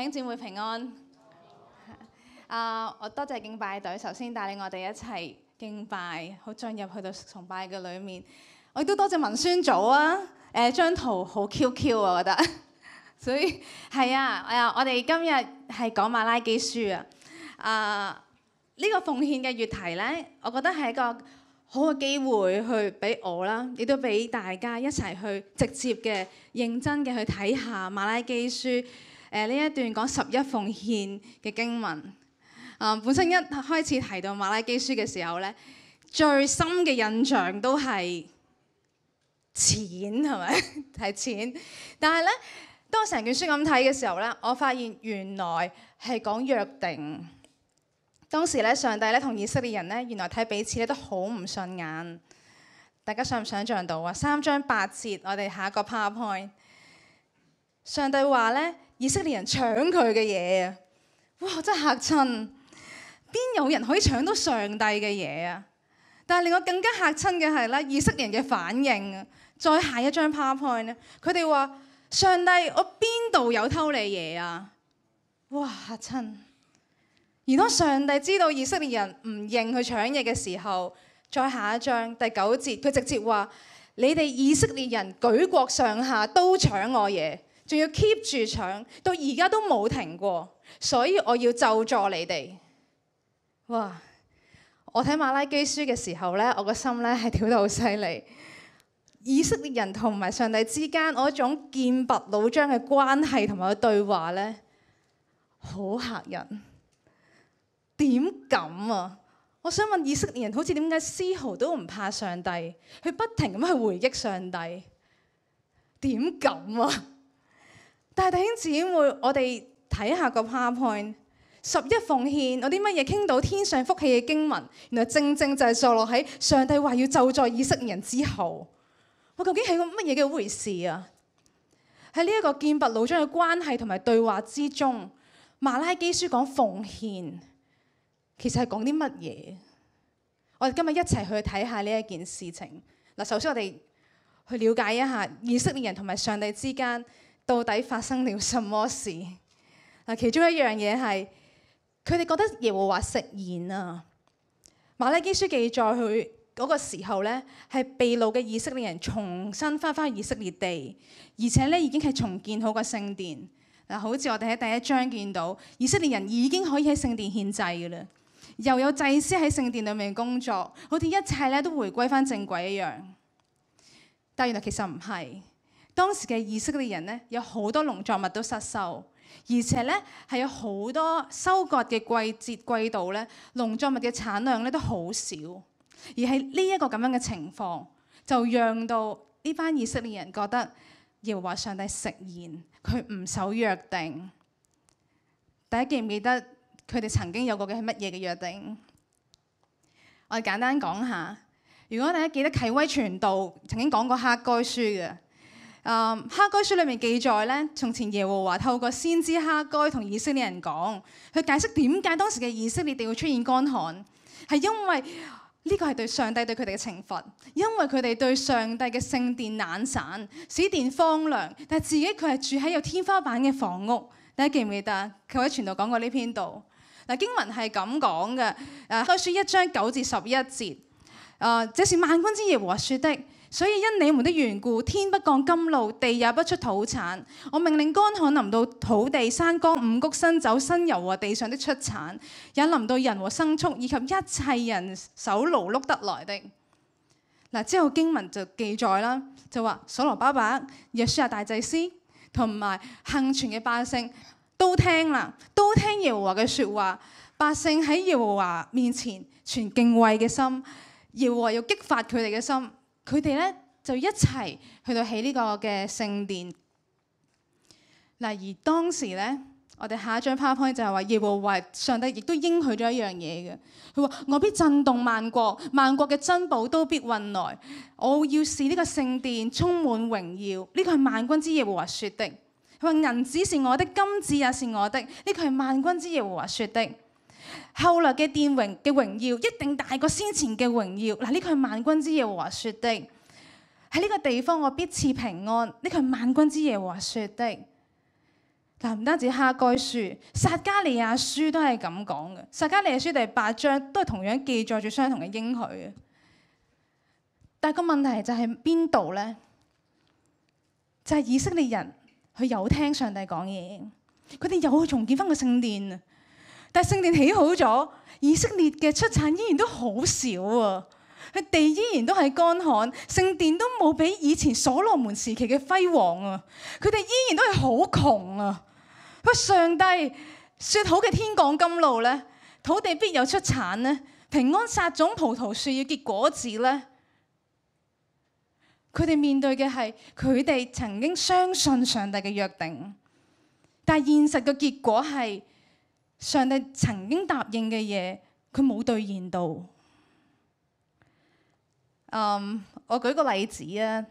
請姊妹平安。啊、uh！我多謝敬拜隊，首先帶領我哋一齊敬拜，好進入去到崇拜嘅裏面。我亦都多謝文宣組啊。誒、呃，張圖好 Q Q 啊，我覺得。 所以係啊，誒，我哋今日係講瑪拉基書啊。啊，呢個奉獻嘅月題呢，我覺得係一個好嘅機會去俾我啦，亦都俾大家一齊去直接嘅、認真嘅去睇下瑪拉基書。誒，呢一段講十一奉獻嘅經文，呃、本身一開始提到馬拉基書嘅時候呢，最深嘅印象都係錢係咪？係錢。 但係呢，當我成卷書咁睇嘅時候呢，我發現原來係講約定。當時咧，上帝咧同以色列人呢，原來睇彼此咧都好唔順眼。大家想唔想象到啊？三章八節，我哋下一個 power point。上帝話呢。以色列人搶佢嘅嘢啊！哇，真係嚇親！邊有人可以搶到上帝嘅嘢啊？但係令我更加嚇親嘅係咧，以色列人嘅反應啊！再下一張 PowerPoint 咧，佢哋話：上帝，我邊度有偷你嘢啊？哇，嚇親！而當上帝知道以色列人唔認佢搶嘢嘅時候，再下一張第九節，佢直接話：你哋以色列人舉國上下都搶我嘢。仲要 keep 住搶到而家都冇停過，所以我要就助你哋。哇！我睇瑪拉基書嘅時候咧，我個心咧係跳得好犀利。以色列人同埋上帝之間嗰種劍拔弩張嘅關係同埋對話咧，好嚇人。點敢啊？我想問以色列人，好似點解絲毫都唔怕上帝，佢不停咁去回擊上帝？點敢啊？但係弟兄姊妹，我哋睇下個 PowerPoint，十一奉獻有啲乜嘢傾到天上福氣嘅經文，原來正正就係坐落喺上帝話要就在以色列人之後。我究竟係個乜嘢嘅回事啊？喺呢一個劍拔弩張嘅關係同埋對話之中，《瑪拉基書》講奉獻，其實係講啲乜嘢？我哋今日一齊去睇下呢一件事情。嗱，首先我哋去了解一下以色列人同埋上帝之間。到底發生了什麼事？嗱，其中一樣嘢係，佢哋覺得耶和華食言啊。瑪拉基書記載佢嗰個時候呢，係被擄嘅以色列人重新翻返以色列地，而且呢已經係重建好個聖殿。嗱，好似我哋喺第一章見到，以色列人已經可以喺聖殿獻祭嘅啦，又有祭司喺聖殿裏面工作，好似一切咧都回歸翻正軌一樣。但原來其實唔係。當時嘅以色列人呢，有好多農作物都失收，而且呢，係有好多收割嘅季節季度呢，農作物嘅產量呢都好少。而係呢一個咁樣嘅情況，就讓到呢班以色列人覺得，耶和華上帝食言，佢唔守約定。大家記唔記得佢哋曾經有過嘅係乜嘢嘅約定？我哋簡單講下。如果大家記得啟威傳道曾經講過《哈該書》嘅。啊！哈該書裏面記載咧，從前耶和華透過先知哈該同以色列人講，佢解釋點解當時嘅以色列地會出現乾旱，係因為呢個係對上帝對佢哋嘅懲罰，因為佢哋對上帝嘅聖殿懶散、使殿荒涼，但係自己佢係住喺有天花板嘅房屋，大家記唔記得？佢喺傳道講過呢篇道，嗱經文係咁講嘅，啊哈該書一章九至十一節，啊這是萬軍之耶和華説的。所以因你們的緣故，天不降甘露，地也不出土產。我命令乾旱臨到土地、山崗、五穀新酒、新油和地上的出產，也臨到人和牲畜以及一切人手勞碌得來的。嗱，之後經文就記載啦，就話所羅巴伯、耶書亞大祭司同埋幸存嘅百姓都聽啦，都聽耶和華嘅説話。百姓喺耶和華面前存敬畏嘅心，耶和華又激發佢哋嘅心。佢哋咧就一齊去到起呢個嘅聖殿。嗱，而當時咧，我哋下一張 powerpoint 就係話耶和華上帝亦都應許咗一樣嘢嘅。佢話：我必震動萬國，萬國嘅珍寶都必運來。我要使呢個聖殿充滿榮耀。呢個係萬軍之耶和華説的。佢話銀子是我的，金子也是我的。呢個係萬軍之耶和華説的。後嚟嘅殿榮嘅榮耀一定大過先前嘅榮耀。嗱，呢句係萬軍之耶和華説的。喺呢個地方我必賜平安。呢句係萬軍之耶和華説的。嗱、啊，唔單止哈該書、撒加利亞書都係咁講嘅。撒加利亞書第八章都係同樣記載住相同嘅應許嘅。但係個問題就係邊度咧？就係、是、以色列人，佢有聽上帝講嘢，佢哋有重建翻個聖殿。但聖殿起好咗，以色列嘅出產依然都好少啊。佢地依然都係乾旱，聖殿都冇比以前所羅門時期嘅輝煌啊。佢哋依然都係好窮啊。佢上帝説好嘅天降甘露呢，土地必有出產咧，平安撒種，葡萄樹要結果子呢。佢哋面對嘅係佢哋曾經相信上帝嘅約定，但現實嘅結果係。上帝曾經答應嘅嘢，佢冇兌現到。Um, 我舉個例子啊，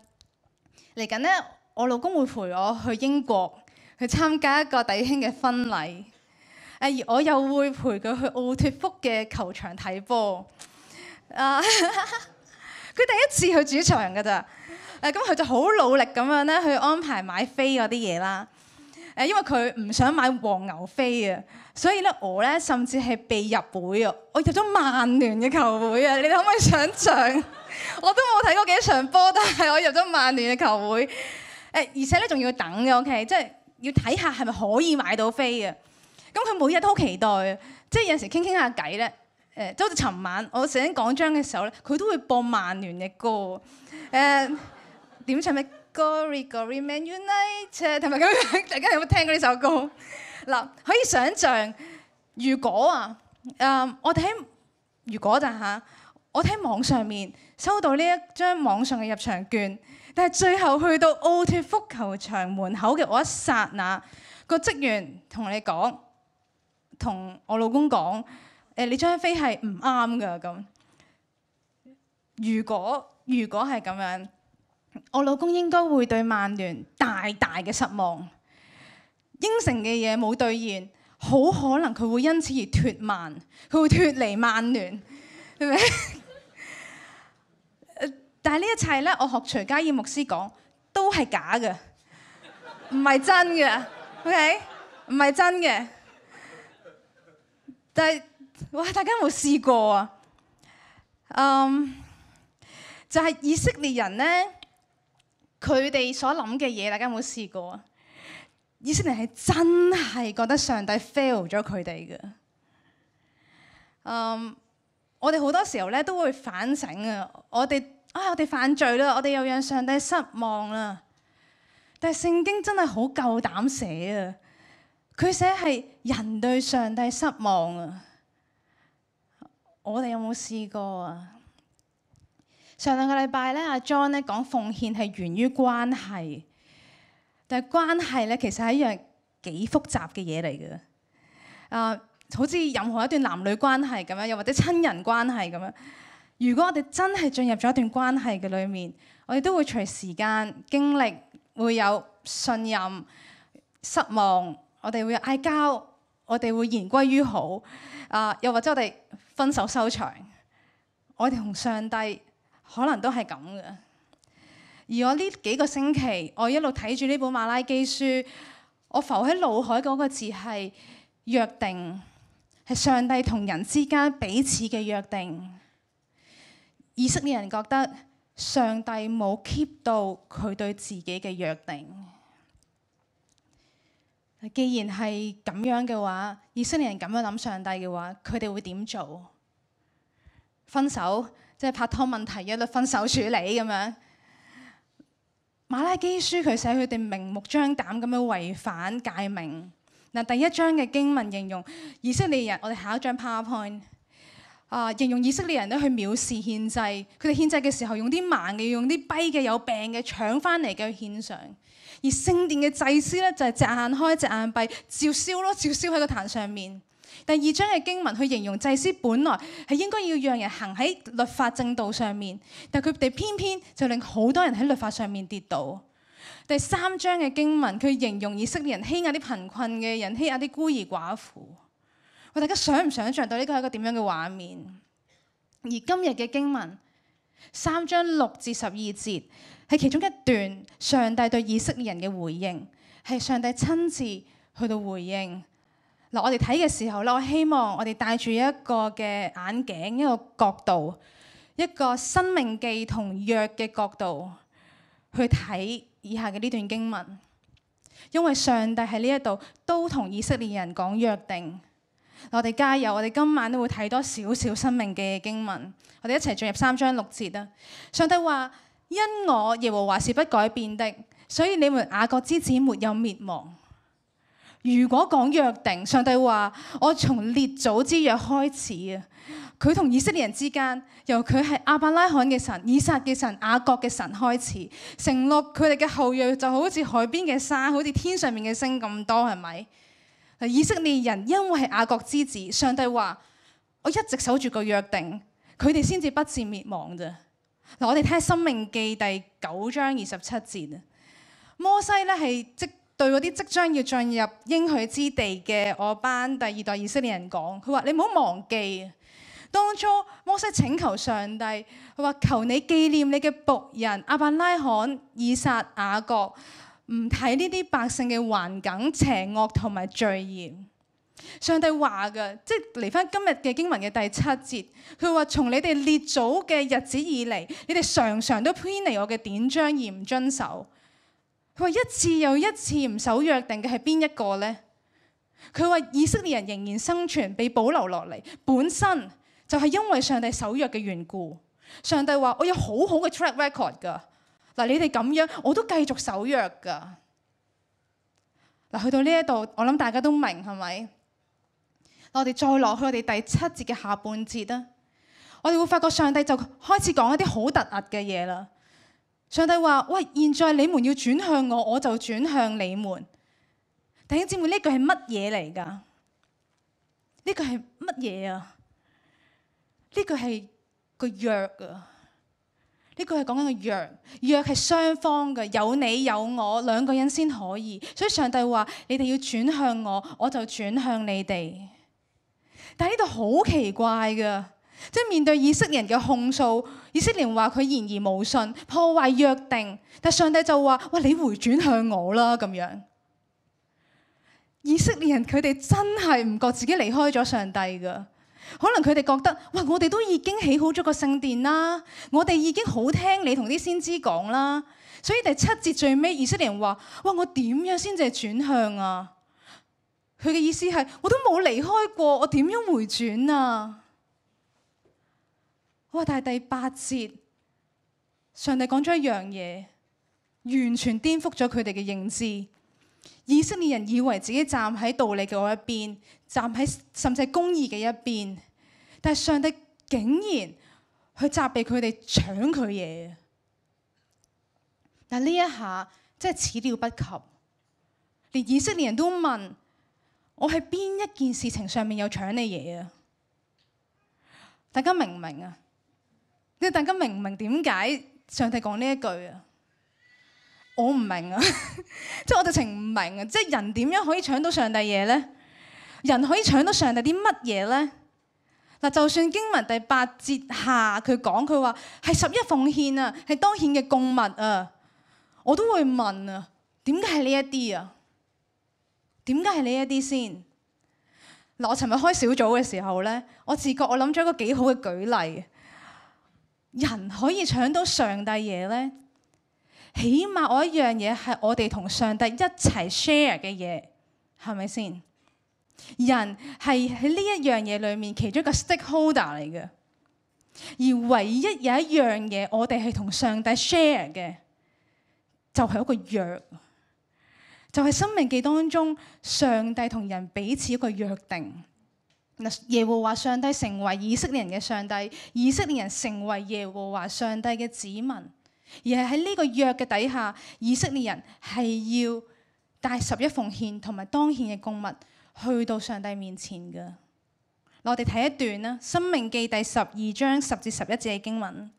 嚟緊呢，我老公會陪我去英國去參加一個弟兄嘅婚禮，而我又會陪佢去奧脱福嘅球場睇波。佢、uh, 第一次去主場噶咋？咁、啊、佢就好努力咁樣咧，去安排買飛嗰啲嘢啦。誒，因為佢唔想買黃牛飛啊，所以咧我咧甚至係被入會啊，我入咗曼聯嘅球會啊，你哋可唔可以想象？ 我都冇睇過幾場波，但係我入咗曼聯嘅球會。誒，而且咧仲要等嘅，OK，即係要睇下係咪可以買到飛啊。咁佢每日都好期待啊，即係有時傾傾下偈咧。誒、呃，就好似尋晚我寫講章嘅時候咧，佢都會播曼聯嘅歌。誒、呃，點唱咩？Glory Glory Man United，同埋咁樣，大家有冇聽過呢首歌？嗱，可以想象，如果啊，嗯，我哋喺如果就嚇，我喺網上面收到呢一張網上嘅入場券，但係最後去到奧脱福球場門口嘅嗰一剎那，個職員同你講，同我老公講，誒，你張飛係唔啱噶咁。如果如果係咁樣。我老公應該會對曼聯大大嘅失望，應承嘅嘢冇兌現，好可能佢會因此而脱曼，佢會脱離曼聯，係咪？ 但係呢一切咧，我學徐嘉伊牧師講，都係假嘅，唔係真嘅，OK？唔係真嘅，但係哇，大家有冇試過啊？嗯、um,，就係以色列人呢。佢哋所諗嘅嘢，大家有冇試過啊？以色列係真係覺得上帝 fail 咗佢哋嘅。Um, 我哋好多時候咧都會反省啊，我哋啊、哎、我哋犯罪啦，我哋又讓上帝失望啦。但係聖經真係好夠膽寫啊！佢寫係人對上帝失望啊！我哋有冇試過啊？上兩個禮拜咧，阿 John 咧講奉獻係源於關係，但係關係咧其實係一樣幾複雜嘅嘢嚟嘅。啊、uh，好似任何一段男女關係咁樣，又或者親人關係咁樣。如果我哋真係進入咗一段關係嘅裡面，我哋都會隨時間經歷會有信任、失望，我哋會有嗌交，我哋會言歸於好。啊、uh，又或者我哋分手收場。我哋同上帝。可能都係咁嘅。而我呢幾個星期，我一路睇住呢本瑪拉基書，我浮喺腦海嗰個字係約定，係上帝同人之間彼此嘅約定。以色列人覺得上帝冇 keep 到佢對自己嘅約定。既然係咁樣嘅話，以色列人咁樣諗上帝嘅話，佢哋會點做？分手。即係拍拖問題，一律分手處理咁樣。馬拉基書佢寫佢哋明目張膽咁樣違反誡命。嗱，第一章嘅經文形容以色列人，我哋下一張 PowerPoint 啊，形容以色列人都去藐視獻祭。佢哋獻祭嘅時候用啲盲嘅，用啲跛嘅，有病嘅搶翻嚟嘅去獻上。而聖殿嘅祭司咧就係、是、隻眼開隻眼閉，照燒咯，照燒喺個壇上面。第二章嘅經文，去形容祭司本來係應該要讓人行喺律法正道上面，但佢哋偏偏就令好多人喺律法上面跌倒。第三章嘅經文，佢形容以色列人欺壓啲貧困嘅人，欺壓啲孤兒寡婦。喂，大家想唔想象到呢個係一個點樣嘅畫面？而今日嘅經文，三章六至十二節係其中一段上帝對以色列人嘅回應，係上帝親自去到回應。我哋睇嘅時候咧，我希望我哋戴住一個嘅眼鏡，一個角度，一個生命記同約嘅角度去睇以下嘅呢段經文。因為上帝喺呢一度都同以色列人講約定，我哋加油！我哋今晚都會睇多少少生命記嘅經文。我哋一齊進入三章六節啦。上帝話：因我耶和華是不改變的，所以你們雅各之子沒有滅亡。如果講約定，上帝話：我從列祖之約開始啊！佢同以色列人之間，由佢係亞伯拉罕嘅神、以撒嘅神、雅各嘅神開始，承諾佢哋嘅後裔就好似海邊嘅沙，好似天上面嘅星咁多，係咪？以色列人因為係雅各之子，上帝話：我一直守住個約定，佢哋先至不至滅亡啫。嗱，我哋睇下《申命記》第九章二十七節啊，摩西咧係即。對嗰啲即將要進入應許之地嘅我班第二代以色列人講，佢話：你唔好忘記，當初摩西請求上帝，佢話求你記念你嘅僕人阿伯拉罕、以撒、雅各，唔睇呢啲百姓嘅橫境、邪惡同埋罪孽。上帝話嘅，即係嚟翻今日嘅經文嘅第七節，佢話：從你哋列祖嘅日子以嚟，你哋常常都偏離我嘅典章而唔遵守。佢話一次又一次唔守約定嘅係邊一個呢？佢話以色列人仍然生存，被保留落嚟，本身就係因為上帝守約嘅緣故。上帝話：我有好好嘅 track record 㗎。嗱，你哋咁樣，我都繼續守約㗎。嗱，去到呢一度，我諗大家都明係咪？我哋再落去我哋第七節嘅下半節啊！我哋會發覺上帝就開始講一啲好突兀嘅嘢啦。上帝話：喂，現在你們要轉向我，我就轉向你們。弟兄姊妹，呢句係乜嘢嚟㗎？呢句係乜嘢啊？呢句係個約啊！呢句係講緊個約，約係雙方嘅，有你有我兩個人先可以。所以上帝話：你哋要轉向我，我就轉向你哋。但係呢度好奇怪㗎。即係面對以色列人嘅控訴，以色列人話佢言而無信，破壞約定。但上帝就話：哇，你回轉向我啦咁樣。以色列人佢哋真係唔覺自己離開咗上帝噶，可能佢哋覺得：哇，我哋都已經起好咗個聖殿啦，我哋已經好聽你同啲先知講啦。所以第七節最尾，以色列人話：哇，我點樣先至係轉向啊？佢嘅意思係：我都冇離開過，我點樣回轉啊？哇！但係第八節，上帝講咗一樣嘢，完全顛覆咗佢哋嘅認知。以色列人以為自己站喺道理嘅一邊，站喺甚至公義嘅一邊，但係上帝竟然去責備佢哋搶佢嘢。嗱呢一下真係始料不及，連以色列人都問：我係邊一件事情上面有搶你嘢啊？大家明唔明啊？你大家明唔明，點解上帝講呢一句啊？我唔明啊 明，即係我哋情唔明啊，即係人點樣可以搶到上帝嘢咧？人可以搶到上帝啲乜嘢咧？嗱，就算經文第八節下佢，講佢話係十一奉獻啊，係當獻嘅供物啊，我都會問啊，點解係呢一啲啊？點解係呢一啲先嗱？我尋日開小組嘅時候咧，我自覺我諗咗一個幾好嘅舉例。人可以搶到上帝嘢咧，起碼我一樣嘢係我哋同上帝一齊 share 嘅嘢，係咪先？人係喺呢一樣嘢裡面其中一個 stakeholder 嚟嘅。而唯一有一樣嘢我哋係同上帝 share 嘅，就係一個約，就係生命記當中上帝同人彼此一個約定。耶和華上帝成為以色列人嘅上帝，以色列人成為耶和華上帝嘅子民，而係喺呢個約嘅底下，以色列人係要帶十一奉獻同埋當獻嘅供物去到上帝面前嘅。我哋睇一段啦，《申命記》第十二章十至十一節嘅經文。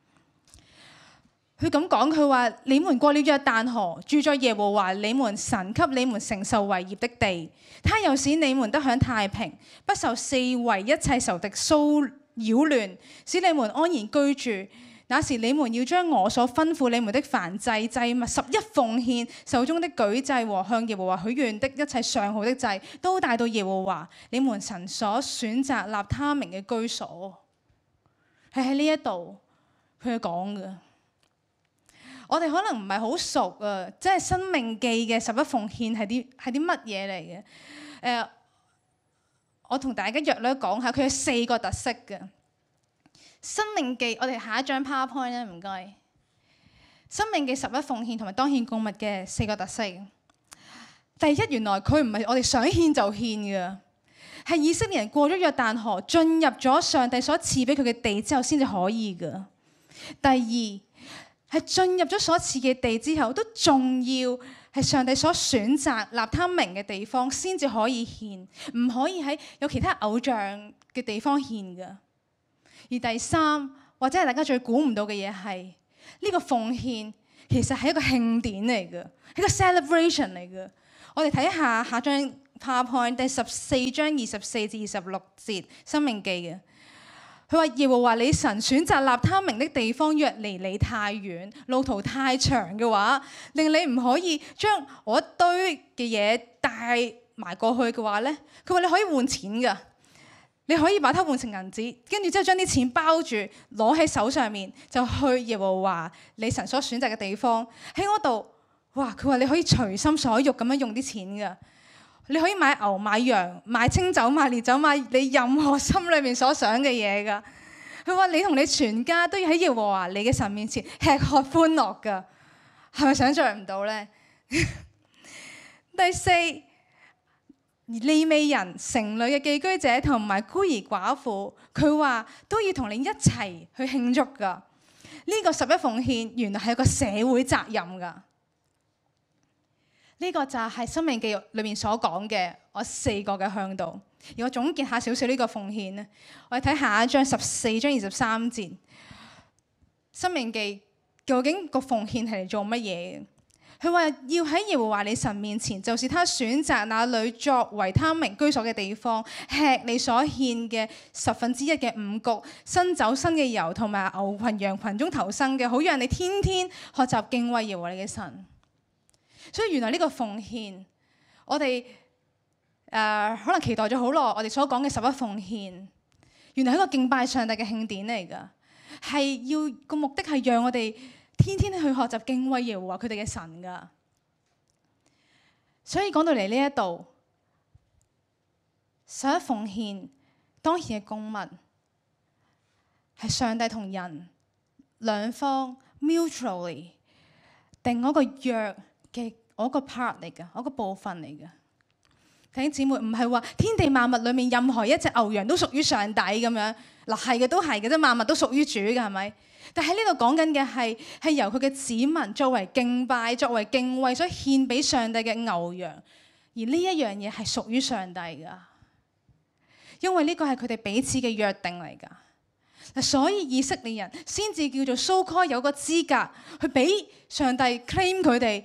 佢咁講，佢話：你們過了約但河，住在耶和華你們神給你們承受為業的地，他又使你們得享太平，不受四圍一切仇敵騷擾亂，使你們安然居住。那時你們要將我所吩咐你們的燔祭、祭物、十一奉獻、手中的舉祭和向耶和華許願的一切上好的祭，都帶到耶和華你們神所選擇立他名嘅居所。係喺呢一度，佢講嘅。我哋可能唔係好熟啊，即係《申命記》嘅十一奉獻係啲係啲乜嘢嚟嘅？誒，uh，我同大家約略講下，佢有四個特色嘅《申命記》。我哋下一張 PowerPoint 咧，唔該，《申命記》十一奉獻同埋當獻供物嘅四個特色。第一，原來佢唔係我哋想獻就獻嘅，係以色列人過咗約旦河，進入咗上帝所賜畀佢嘅地之後先至可以嘅。第二。係進入咗所賜嘅地之後，都仲要係上帝所選擇立祂名嘅地方，先至可以獻，唔可以喺有其他偶像嘅地方獻㗎。而第三，或者係大家最估唔到嘅嘢，係呢個奉獻，其實係一個慶典嚟㗎，係個 celebration 嚟㗎。我哋睇下下張 powerpoint，第十四章二十四至二十六節《申命記》嘅。佢話：耶和華你神選擇立他名的地方若離你太遠，路途太長嘅話，令你唔可以將我一堆嘅嘢帶埋過去嘅話咧，佢話你可以換錢噶，你可以把它換成銀紙，跟住之後將啲錢包住攞喺手上面，就去耶和華你神所選擇嘅地方喺嗰度。哇！佢話你可以隨心所欲咁樣用啲錢噶。你可以買牛、買羊、買清酒、買烈酒、買你任何心裏面所想嘅嘢噶。佢話你同你全家都要喺耶和華你嘅神面前吃喝歡樂噶。係咪想像唔到呢？ 第四，利未人城裏嘅寄居者同埋孤兒寡婦，佢話都要同你一齊去慶祝噶。呢、這個十一奉獻原來係一個社會責任噶。呢個就係、是《申命記》裏面所講嘅我四個嘅向度。而我總結下少少呢個奉獻咧，我哋睇下一章十四章二十三節，《申命記》究竟個奉獻係嚟做乜嘢嘅？佢話要喺耶和華你神面前，就是他選擇那裏作為他名居所嘅地方，吃你所欠嘅十分之一嘅五穀、新酒、新嘅油同埋牛群羊群中頭生嘅，好讓你天天學習敬畏耶和華你嘅神。所以原來呢個奉獻，我哋誒、呃、可能期待咗好耐，我哋所講嘅十一奉獻，原來係一個敬拜上帝嘅慶典嚟㗎，係要個目的係讓我哋天天去學習敬畏耶和華佢哋嘅神㗎。所以講到嚟呢一度，十一奉獻當然嘅公文係上帝同人兩方 mutually 定嗰個約嘅。我個 part 嚟㗎，我個部分嚟㗎。睇姊妹唔係話天地萬物裏面任何一隻牛羊都屬於上帝咁樣，嗱，係嘅都係嘅啫，萬物都屬於主㗎，係咪？但喺呢度講緊嘅係係由佢嘅子民作為敬拜、作為敬畏所獻俾上帝嘅牛羊，而呢一樣嘢係屬於上帝㗎，因為呢個係佢哋彼此嘅約定嚟㗎。嗱，所以以色列人先至叫做 so call 有個資格去俾上帝 claim 佢哋。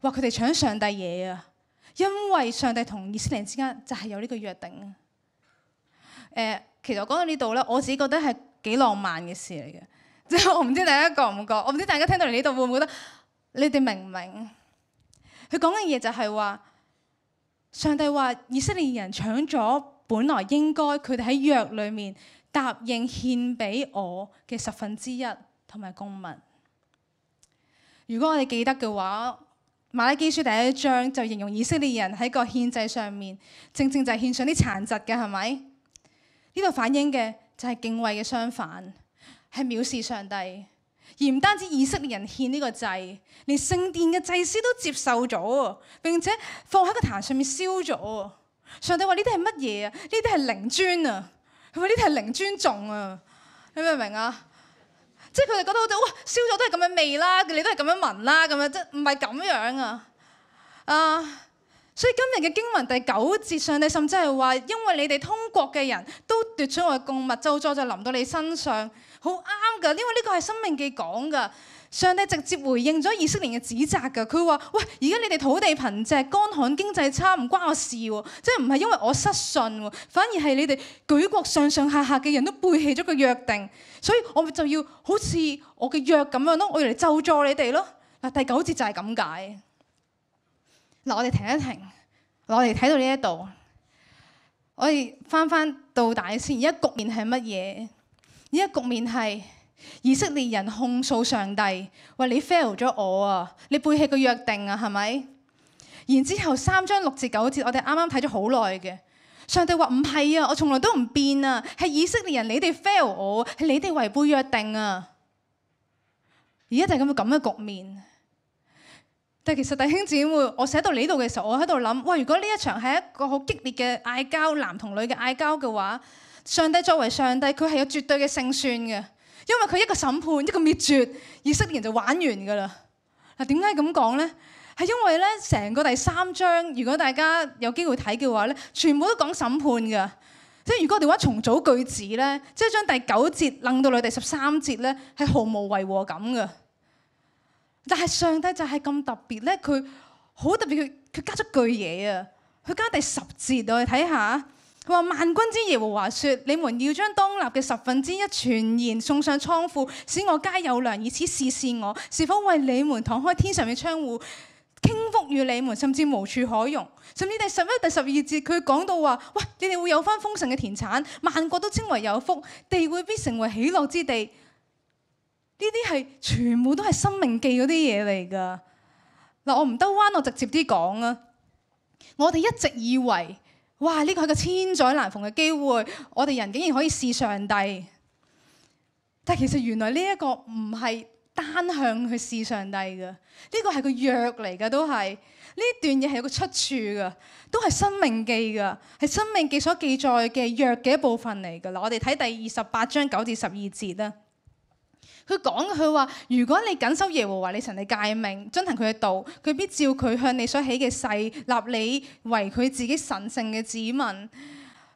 話佢哋搶上帝嘢啊！因為上帝同以色列之間就係有呢個約定誒、呃。其實我講到呢度咧，我自己覺得係幾浪漫嘅事嚟嘅。即係我唔知大家覺唔覺？我唔知大家聽到嚟呢度會唔會覺得？你哋明唔明？佢講嘅嘢就係話，上帝話以色列人搶咗本來應該佢哋喺約裏面答應獻俾我嘅十分之一同埋供物。如果我哋記得嘅話。馬拉基書第一章就形容以色列人喺個獻祭上面，正正就係獻上啲殘疾嘅，係咪？呢度反映嘅就係敬畏嘅相反，係藐視上帝。而唔單止以色列人獻呢個祭，連聖殿嘅祭司都接受咗，並且放喺個壇上面燒咗。上帝話：呢啲係乜嘢啊？呢啲係靈尊啊！佢話：呢啲係靈尊重啊！你明唔明啊？即係佢哋覺得好似哇燒咗都係咁樣味啦，你都係咁樣聞啦，咁樣即唔係咁樣啊啊！Uh, 所以今日嘅經文第九節上，你甚至係話因為你哋通國嘅人都奪取我嘅供物，咒詛就臨到你身上，好啱㗎，因為呢個係《生命記講》講㗎。上帝直接回應咗以色列嘅指責嘅，佢話：喂，而家你哋土地貧瘠、乾旱、經濟差，唔關我事喎、啊，即係唔係因為我失信喎，反而係你哋舉國上上下下嘅人都背棄咗個約定，所以我咪就要好似我嘅約咁樣咯，我要嚟救助你哋咯、啊。嗱第九節就係咁解。嗱我哋停一停，我哋睇到呢一度，我哋翻翻到底先，而家局面係乜嘢？而家局面係。以色列人控訴上帝話，你 fail 咗我啊，你背棄個約定啊，係咪？然之後三章六至九節，我哋啱啱睇咗好耐嘅。上帝話唔係啊，我從來都唔變啊，係以色列人你哋 fail 我，係你哋違背約定啊。而家就係咁嘅咁嘅局面。但係其實弟兄姊妹，我寫到呢度嘅時候，我喺度諗：哇，如果呢一場係一個好激烈嘅嗌交，男同女嘅嗌交嘅話，上帝作為上帝，佢係有絕對嘅勝算嘅。因為佢一個審判，一個滅絕，以色列人就玩完噶啦。嗱，點解咁講咧？係因為咧，成個第三章，如果大家有機會睇嘅話咧，全部都講審判噶。即係如果我哋話重組句子咧，即係將第九節楞到你第十三節咧，係毫無違和感噶。但係上帝就係咁特別咧，佢好特別，佢佢加咗句嘢啊！佢加第十節，我哋睇下。佢話萬軍之耶和華說：你們要將當納嘅十分之一全然送上倉庫，使我皆有糧，以此試試我是否為你們敞開天上嘅窗戶，傾福與你們，甚至無處可容。甚至第十一、第十二節佢講到話：喂，你哋會有翻豐盛嘅田產，萬國都稱為有福，地會必成為喜樂之地。呢啲係全部都係《申命記》嗰啲嘢嚟㗎。嗱，我唔兜彎，我直接啲講啊！我哋一直以為。哇！呢、這個係個千載難逢嘅機會，我哋人竟然可以試上帝。但其實原來呢一個唔係單向去試上帝嘅，呢、這個係個約嚟嘅都係。呢段嘢係有個出處嘅，都係《申命記》㗎，係《申命記》所記載嘅約嘅一部分嚟㗎啦。我哋睇第二十八章九至十二節啦。佢講佢話：如果你謹守耶和華你神你誡命，遵行佢嘅道，佢必照佢向你所起嘅誓，立你為佢自己神聖嘅子民。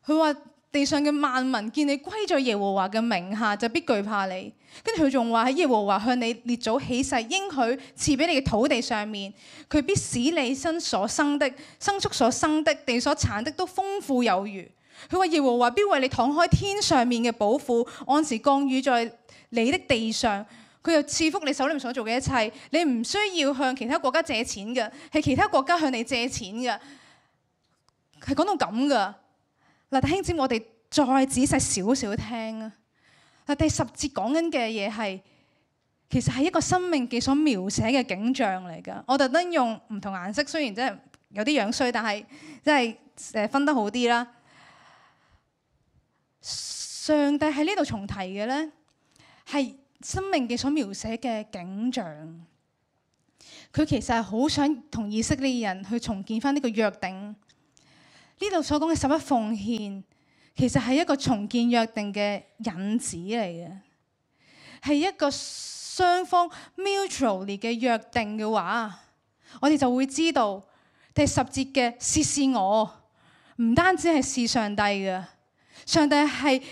佢話地上嘅萬民見你歸在耶和華嘅名下，就必懼怕你。跟住佢仲話喺耶和華向你列祖起誓，應許賜俾你嘅土地上面，佢必使你身所生的、牲畜所生的、地所產的都豐富有餘。佢話耶和華必為你敞開天上面嘅寶庫，按時降雨在。你的地上，佢又賜福你手裏面所做嘅一切。你唔需要向其他國家借錢嘅，係其他國家向你借錢嘅。係講到咁㗎。嗱，弟兄姊妹，我哋再仔細少少聽啊。嗱，第十節講緊嘅嘢係，其實係一個生命記所描寫嘅景象嚟㗎。我特登用唔同顏色，雖然真係有啲樣衰，但係真係誒分得好啲啦。上帝喺呢度重提嘅咧。係生命嘅所描寫嘅景象，佢其實係好想同以色列人去重建返呢個約定。呢度所講嘅十一奉獻，其實係一個重建約定嘅引子嚟嘅，係一個雙方 mutually 嘅約定嘅話，我哋就會知道第十節嘅試試我，唔單止係試上帝嘅，上帝係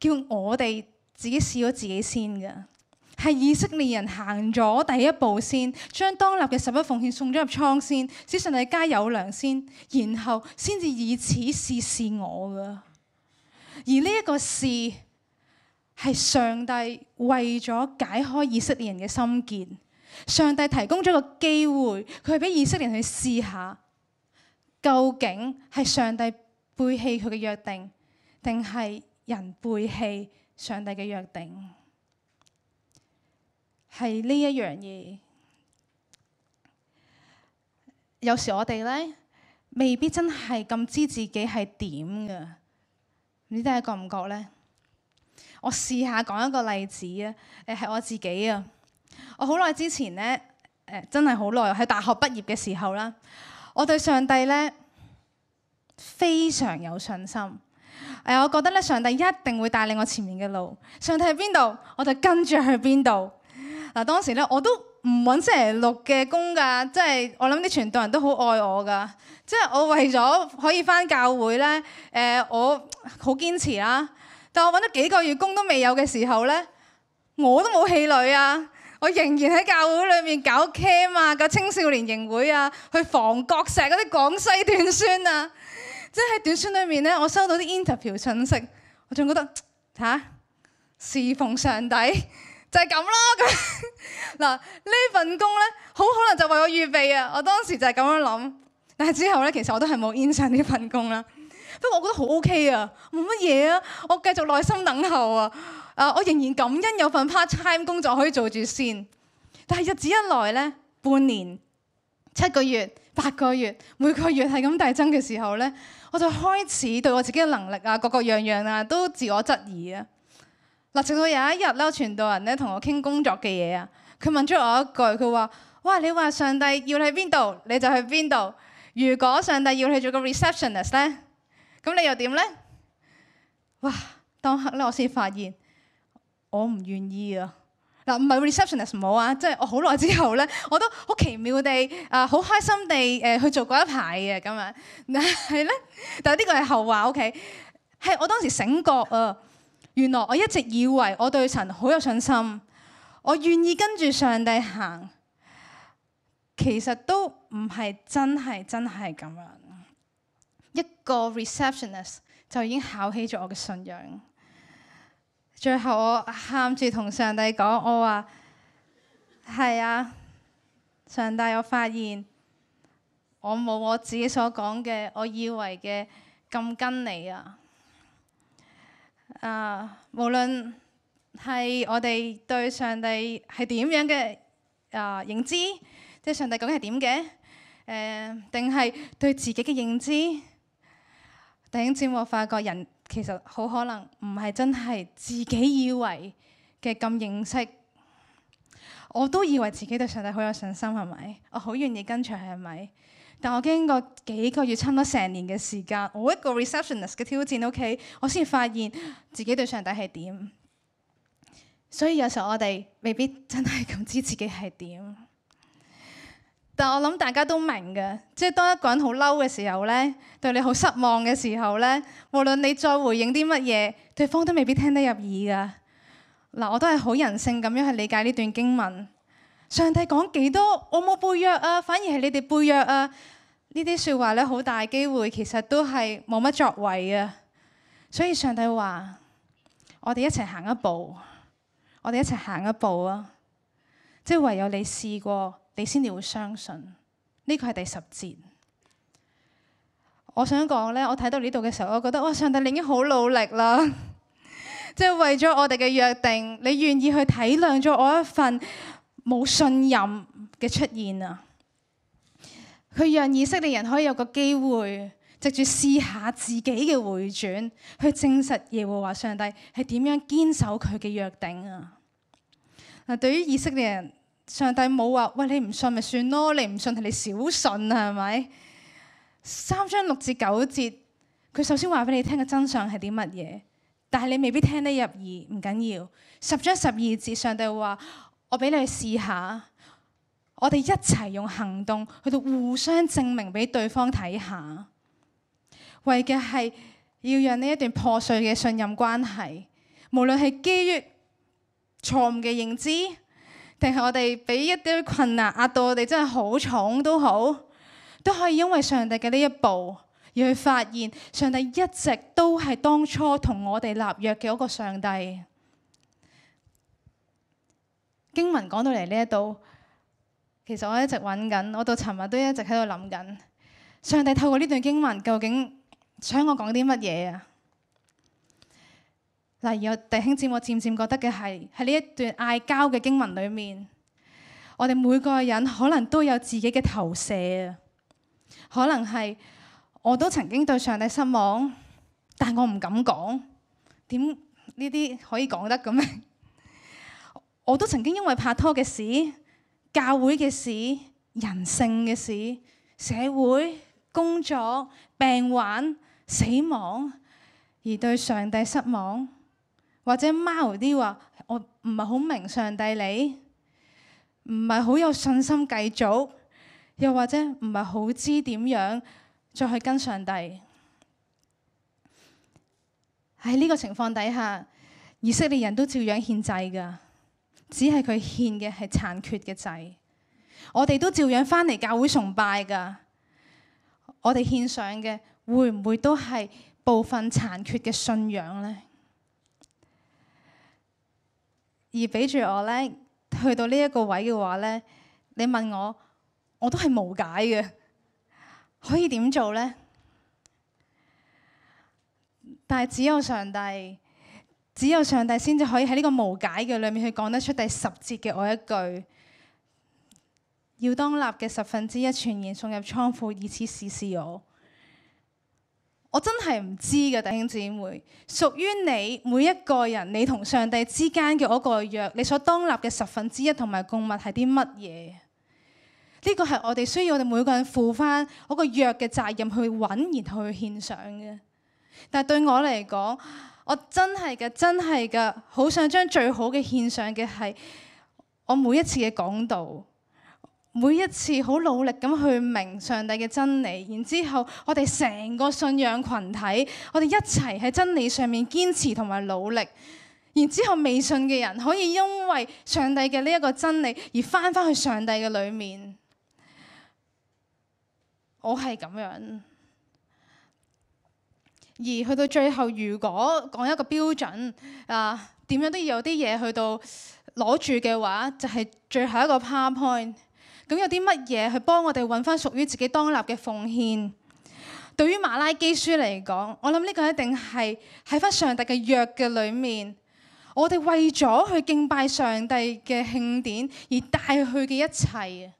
叫我哋。自己試咗自己先㗎。係以色列人行咗第一步先，將當立嘅十一奉獻送咗入倉先，使上帝家有糧先，然後先至以此試試我噶。而呢一個試係上帝為咗解開以色列人嘅心結，上帝提供咗個機會，佢係俾以色列人去試下，究竟係上帝背棄佢嘅約定，定係人背棄？上帝嘅約定係呢一樣嘢，有時我哋咧未必真係咁知自己係點嘅，唔知大家覺唔覺咧？我試下講一個例子啊，誒係我自己啊，我好耐之前咧，誒真係好耐，喺大學畢業嘅時候啦，我對上帝咧非常有信心。誒，我覺得咧，上帝一定會帶領我前面嘅路。上帝喺邊度，我就跟住去邊度。嗱，當時咧，就是、我都唔揾星期六嘅工㗎，即係我諗啲傳道人都好愛我㗎，即、就、係、是、我為咗可以返教會咧，誒，我好堅持啦。但我揾咗幾個月工都未有嘅時候咧，我都冇氣餒啊，我仍然喺教會裏面搞 camp 啊，搞青少年營會啊，去防角石嗰啲廣西斷酸啊。即係喺短訊裏面咧，我收到啲 interview 信息，我仲覺得吓，侍奉、啊、上帝 就係咁咯。咁。嗱 呢份工咧，好可能就為我預備啊！我當時就係咁樣諗，但係之後咧，其實我都係冇 in 上呢份工啦。不過我覺得好 OK 啊，冇乜嘢啊，我繼續耐心等候啊。啊，我仍然感恩有份 part time 工作可以做住先。但係日子一來咧，半年七個月。八個月，每個月係咁大增嘅時候呢，我就開始對我自己嘅能力啊、各各樣樣啊，都自我質疑啊。嗱，直到有一日啦，傳道人咧同我傾工作嘅嘢啊，佢問咗我一句，佢話：「哇，你話上帝要你去邊度，你就去邊度。如果上帝要你做個 receptionist 呢，咁你又點呢？」哇！當刻咧，我先發現我唔願意啊。嗱，唔係 receptionist 唔好啊，即係我好耐之後咧，我都好奇妙地啊，好開心地誒去做嗰一排嘅咁樣，但係咧，但係呢個係後話。OK，係我當時醒覺啊，原來我一直以為我對神好有信心，我願意跟住上帝行，其實都唔係真係真係咁樣，一個 receptionist 就已經考起咗我嘅信仰。最後我喊住同上帝講，我話係啊，上帝，我發現我冇我自己所講嘅，我以為嘅咁跟你啊啊，無論係我哋對上帝係點樣嘅啊認知，即係上帝究竟係點嘅，誒、啊，定係對自己嘅認知，頂尖我發覺人。其實好可能唔係真係自己以為嘅咁認識，我都以為自己對上帝好有信心係咪？我好願意跟隨係咪？但我經過幾個月、差唔多成年嘅時間，我一個 receptionist 嘅挑戰 OK，我先發現自己對上帝係點。所以有時候我哋未必真係咁知自己係點。但我諗大家都明嘅，即係當一個人好嬲嘅時候呢，對你好失望嘅時候呢，無論你再回應啲乜嘢，對方都未必聽得入耳噶。嗱，我都係好人性咁樣去理解呢段經文。上帝講幾多，我冇背約啊，反而係你哋背約啊。呢啲說話呢，好大機會其實都係冇乜作為啊。所以上帝話：我哋一齊行一步，我哋一齊行一步啊！即係唯有你試過你先至會相信呢個係第十節。我想講咧，我睇到呢度嘅時候，我覺得哇，上帝你已經好努力啦， 即係為咗我哋嘅約定，你願意去體諒咗我一份冇信任嘅出現啊！佢讓以色列人可以有個機會，藉住試下自己嘅回轉，去證實耶和華上帝係點樣堅守佢嘅約定啊！嗱，對於以色列人。上帝冇話，喂，你唔信咪算咯，你唔信係你少信啊，係咪？三章六至九節，佢首先話俾你聽嘅真相係啲乜嘢？但係你未必聽得入耳，唔緊要。十章十二節，上帝話：我俾你去試下，我哋一齊用行動去到互相證明俾對方睇下，為嘅係要讓呢一段破碎嘅信任關係，無論係基於錯誤嘅認知，定係我哋俾一啲困難壓到我哋，真係好重都好，都可以因為上帝嘅呢一步，而去發現上帝一直都係當初同我哋立約嘅嗰個上帝。經文講到嚟，呢一度，其實我一直揾緊，我到尋日都一直喺度諗緊，上帝透過呢段經文究竟想我講啲乜嘢啊？例如，然後弟兄姊妹，我漸漸覺得嘅係喺呢一段嗌交嘅經文裏面，我哋每個人可能都有自己嘅投射啊！可能係我都曾經對上帝失望，但我唔敢講。點呢啲可以講得咁咩？我都曾經因為拍拖嘅事、教會嘅事、人性嘅事、社會、工作、病患、死亡而對上帝失望。或者貓啲話，我唔係好明上帝，你唔係好有信心繼續，又或者唔係好知點樣再去跟上帝。喺呢個情況底下，以色列人都照樣獻祭噶，只係佢獻嘅係殘缺嘅祭。我哋都照樣翻嚟教會崇拜噶，我哋獻上嘅會唔會都係部分殘缺嘅信仰呢？」而俾住我咧，去到呢一個位嘅話咧，你問我，我都係無解嘅，可以點做咧？但係只有上帝，只有上帝先至可以喺呢個無解嘅裡面去講得出第十節嘅我一句，要當立嘅十分之一全然送入倉庫，以此試試我。我真係唔知嘅。弟兄姊妹，屬於你每一個人，你同上帝之間嘅嗰個約，你所當立嘅十分之一同埋供物係啲乜嘢？呢個係我哋需要我哋每個人負翻嗰個約嘅責任去揾，然後去獻上嘅。但對我嚟講，我真係嘅，真係嘅，好想將最好嘅獻上嘅係我每一次嘅講道。每一次好努力咁去明上帝嘅真理，然之後我哋成個信仰群體，我哋一齊喺真理上面堅持同埋努力，然之後未信嘅人可以因為上帝嘅呢一個真理而翻翻去上帝嘅裏面。我係咁樣，而去到最後，如果講一個標準啊，點樣都要有啲嘢去到攞住嘅話，就係、是、最後一個 PowerPoint。咁有啲乜嘢去幫我哋揾翻屬於自己當立嘅奉獻？對於瑪拉基書嚟講，我諗呢個一定係喺翻上帝嘅約嘅裏面，我哋為咗去敬拜上帝嘅慶典而帶去嘅一切。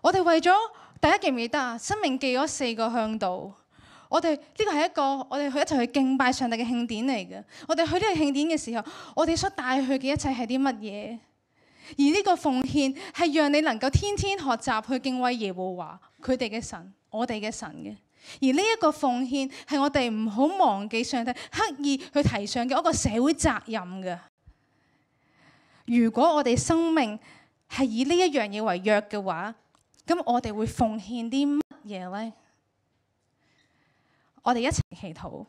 我哋為咗大家記唔記得啊？申命記咗四個向導。我哋呢、這個係一個我哋去一齊去敬拜上帝嘅慶典嚟嘅。我哋去呢個慶典嘅時候，我哋所帶去嘅一切係啲乜嘢？而呢個奉獻係讓你能夠天天學習去敬畏耶和華佢哋嘅神，我哋嘅神嘅。而呢一個奉獻係我哋唔好忘記上帝刻意去提上嘅一個社會責任嘅。如果我哋生命係以呢一樣嘢為約嘅話，咁我哋會奉獻啲乜嘢呢？我哋一齊祈禱。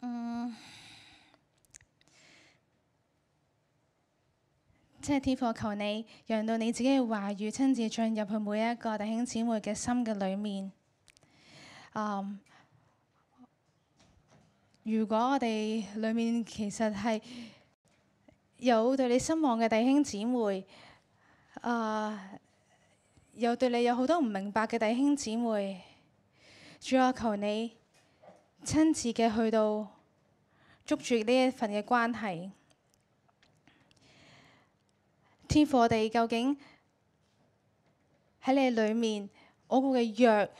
嗯，即係天父，求你讓到你自己嘅話語親自進入去每一個弟兄姊妹嘅心嘅裡面。嗯、um，如果我哋裡面其實係有對你失望嘅弟兄姊妹，啊、uh，有對你有好多唔明白嘅弟兄姊妹，主啊，求你。親自嘅去到捉住呢一份嘅關係，天父我哋究竟喺你裏面，我個嘅約，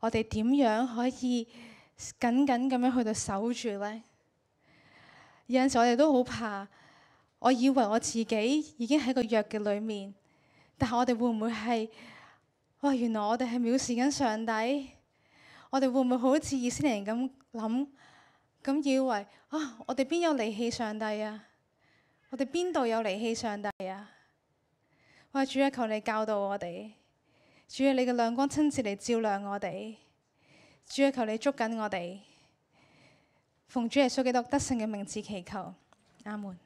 我哋點樣可以緊緊咁樣去到守住呢？有陣時我哋都好怕，我以為我自己已經喺個約嘅裏面，但係我哋會唔會係哇？原來我哋係藐視緊上帝？我哋會唔會好似以色列人咁諗？咁以為啊，我哋邊有離棄上帝啊？我哋邊度有離棄上帝啊？哇、啊！主啊，求你教導我哋，主啊，你嘅亮光親自嚟照亮我哋，主啊，求你捉緊我哋。奉主耶穌基督得勝嘅名字祈求，阿門。